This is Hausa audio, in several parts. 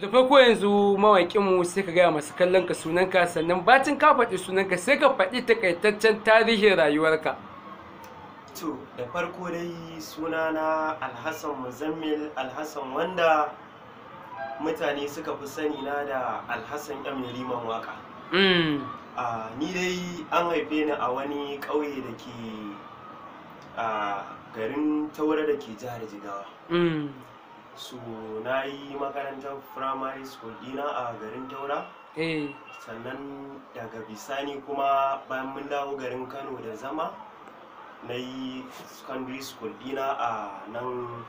da farko yanzu mawaƙinmu sai ka gaya masu kallon ka sunanka sannan bacin ka faɗi sunanka sai ka faɗi takaitaccen tarihin rayuwarka to da farko dai suna na alhassan muzammil alhassan wanda mutane suka fi sani na da alhassan yan liman waka mm. ni dai an haife ni a wani ƙauye da ke garin taura da jihar jigawa mm. Su na yi makarantar firamare school dina a garin taura eh. sannan daga bisani kuma bayan mun dawo garin kano da zama na yi secondary school dina a nan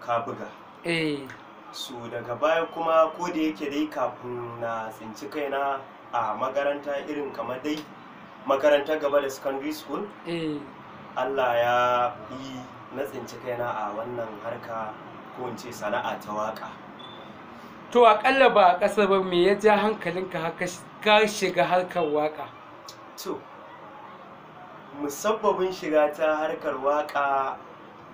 kabuga eh. Su daga baya kuma ko da yake dai kafin na tsinci kaina a makaranta irin kamar dai makarantar gaba da secondary school eh. allah ya yi na tsinci kaina a wannan harka ko in ce sana'a ta waka to akalla ba a ƙasa ba me ya ja hankalinka haka ka shiga harkar waka to musabbabin shiga ta harkar waka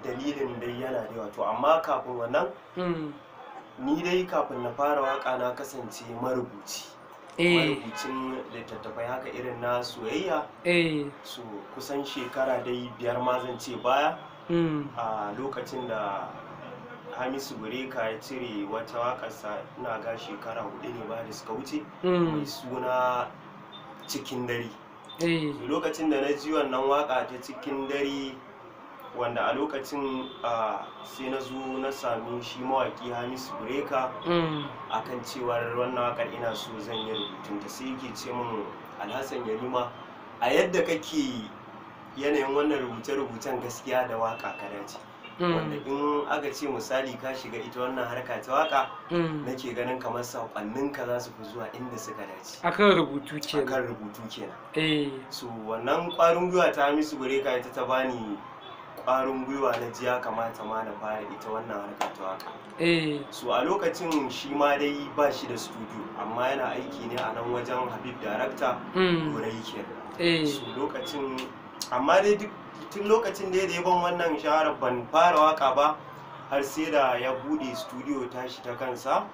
dalilin dai yana da wato amma kafin wannan hmm. ni dai kafin na fara waka na kasance marubuci eh. marubucin littattafai haka irin na soyayya eh. su kusan shekara dai biyar ma ce baya hmm. a lokacin da hamisu bureka ya cire wata waƙarsa na ga shekara hudu ne ba da suka wuce hmm. mai suna cikin dare eh. lokacin da na ji wannan waƙa ta cikin dare wanda a lokacin sai na zo na sami shi mawaƙi hamisu a hmm. kan cewar wannan waƙar ina so zan yi rubutun ta sai yake ce min alhassan yarima a yadda kake yanayin wannan rubuce-rubucen gaskiya da waƙa ka dace Mm. wanda in aka ce misali ka shiga ita wannan harka ta waka mm. nake ganin kamar sakonnin ka za su fi zuwa inda suka dace akan rubutu kenan akan rubutu kenan eh so wannan kwarin gwiwa ta su gure ka ita ta bani kwarin gwiwa na jiya kamata ma na fara ita wannan harka ta waka eh. so a lokacin shi ma dai ba shi da studio amma yana aiki ne a nan wajen habib director gurai mm. eh so lokacin amma dai duk tun lokacin da ya ban wannan shaharar ban fara waka ba har sai da ya bude studio tashi ta kansa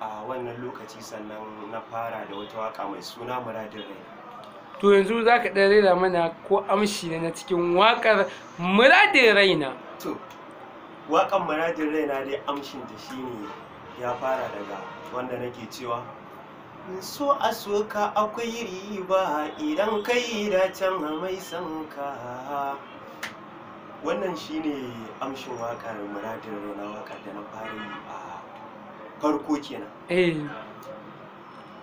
a wannan lokaci sannan na fara da wata waka mai suna muradin rai to yanzu za ka ɗan rera mana ko amshi na cikin wakar muradin raina to wakan muradin raina dai amshin ta shi ne ya fara daga wanda nake cewa so a soka akwai riba idan kai can mai san ka wannan shine amshin wakar muradin rana wakar da na fara yi a farko kenan eh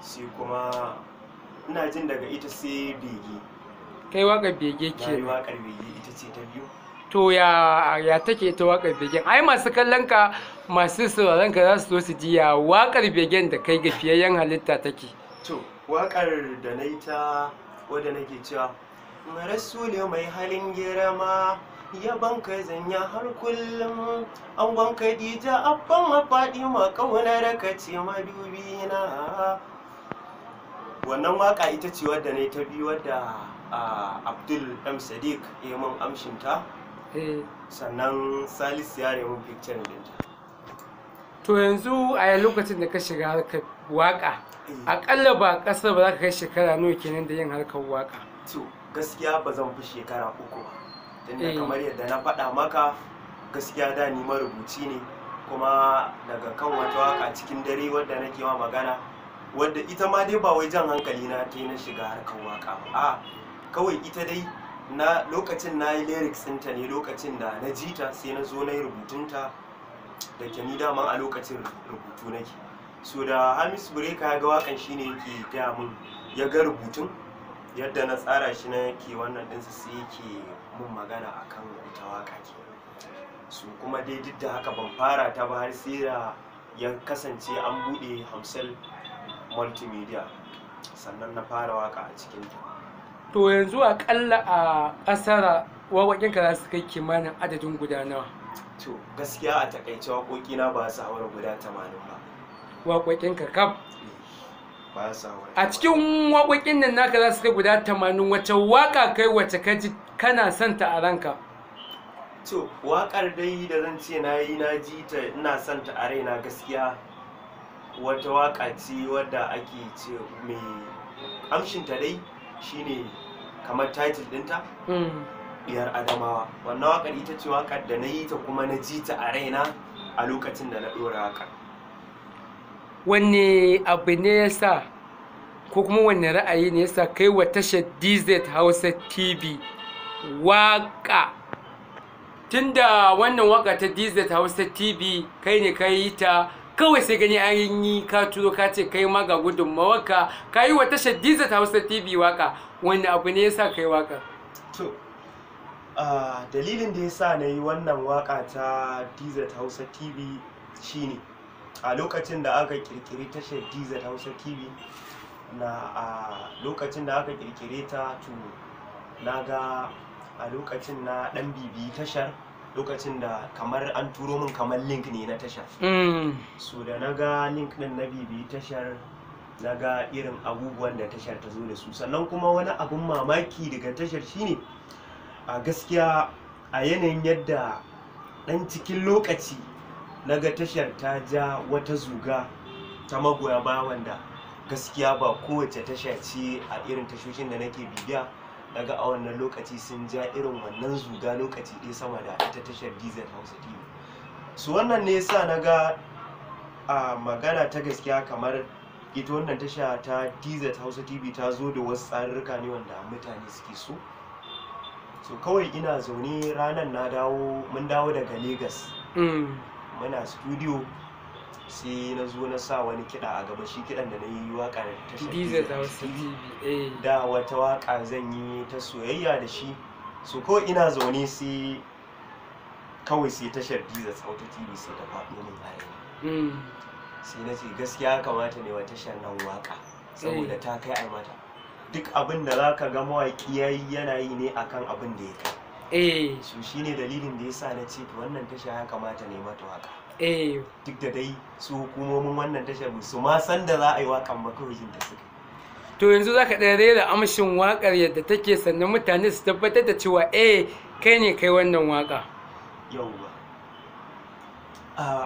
sai kuma ina jin daga ita sai bege kai wakar bege Kai wakar bege ita ce ta biyu to ya ya take ta wakar begen ai masu kallon ka masu sauraron ka za su zo su ji ya wakar begen da kai ga fiyayyen halitta take to wakar da na yi ta wadda nake cewa rasulu mai halin girma ya banka zanya har kullum an wanka dija abban mafaɗi ma ƙaunar ka ce madubi na wannan waka ita ce wadda ne ta biyu wadda ah, abdul m sadiq ya mun amshinta Eh. sannan salisu ya nemi picture ta to yanzu a yi lokacin da ka shiga harkar waka eh. akalla ba ƙasar ba za ka kai shekara nawa kenan da yin harkar waka to gaskiya ba zan fi shekara uku ba tunda eh. kamar yadda na faɗa maka gaskiya da ni marubuci ne kuma daga kan wata waka cikin dare wadda nake ma magana wadda ita ma dai ba wai jan hankali na ta na shiga harkar waka ba a kawai ita dai na lokacin na yi lyrics ɗinta ne lokacin da na ji ta sai na zo na yi rubutunta da ke ni daman a lokacin rubutu nake so da hamis bureka ya ga wakan shi ne yake gaya mun ya ga rubutun yadda na tsara shi na ke wannan ɗinsa sai yake mun magana a kan ita waka ke su kuma dai duk da haka ban fara ta ba har sai da ya kasance an buɗe hamsel multimedia sannan na fara waka a cikin ta to yanzu a kalla a ƙasar wawakinka za su kai kimanin adadin guda nawa to gaskiya a takaice waƙoƙina ba su hawar guda tamanin ba waƙoƙinka kam? Eh, ba su hawar a cikin waƙoƙin nan naka za su kai guda tamanin wace waƙa kai wace ka ji kana son ta a ranka to waƙar dai da zan ce na yi na ji ta ina son ta a raina gaskiya wata waƙa ce wadda ake ce mai amshinta dai shine kamar title dinta biyar hmm. adamawa wannan wakar ita ce wakar da na yi ta kuma na ji ta a raina a lokacin da na dora wakar wanne abu ne ya sa ko kuma wanne ra'ayi ne ya sa kai wa tashar dz hausa tv waka tunda wannan waka ta dz hausa tv kai ne kai yi ta kawai sai gani an yi ka turo ka ce kai ma ga gudun mawaka ka yi wa tashar ta hausa tv waka wani abu ne yasa kai waka to dalilin da yasa na yi wannan waka ta diza ta hausa tv shine a lokacin da aka kirkiri tashar shaddiza ta hausa tv na a lokacin da aka kirkire ta to na ga a lokacin na dan bibi tashar lokacin da kamar an turo min kamar link ne na tashar mm. so da na ga link din na bibi tashar na ga irin abubuwan da tashar ta zo da su sannan kuma wani abun mamaki daga tashar shine a gaskiya a yanayin yadda dan cikin lokaci na ga tashar ta ja wata zuga ta magoya bayan wanda gaskiya ba kowace tasha ce a irin tashoshin da nake bibiya daga a wannan lokaci sun ja irin wannan zuga lokaci ɗaya sama da ita tashar diesel hausa tv su wannan ne sa na ga a magana ta gaskiya kamar ita wannan tasha ta diesel hausa tv ta zo da wasu tsarurruka ne wanda mutane suke so so kawai ina zaune ranar na dawo mun dawo daga Legas. Mm. muna studio sai na zo na sa wani kiɗa a gaba shi kiɗan da na yi waƙa ta eh. da wata waƙa zan yi ta soyayya da shi so ko ina zaune sai kawai sai tashar diza tsauta tv sai ta faɗo min a mm. sai na ce gaskiya kamata ne wa tashar nan waƙa saboda eh. ta kai a mata duk abin da zaka ga mawaƙi yana yi ne akan abin da ya kai eh so shine dalilin da yasa na ce wannan tasha ya kamata ne mata waƙa Eh. duk da dai su hukumomin wannan tashar su ma san da za a yi waƙan ba kawai jin ta suka to yanzu zaka ɗan rera amshin waƙar yadda take sannan mutane su tabbatar da cewa eh kai ne kai wannan waƙa yauwa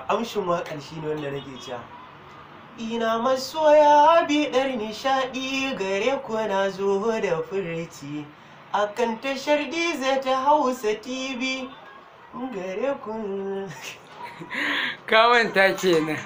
amshin waƙar shi ne wanda nake cewa ina masoya biɗar nishaɗi gare ku na zo da furci akan tashar diza ta hausa tv gare ku ta ce nan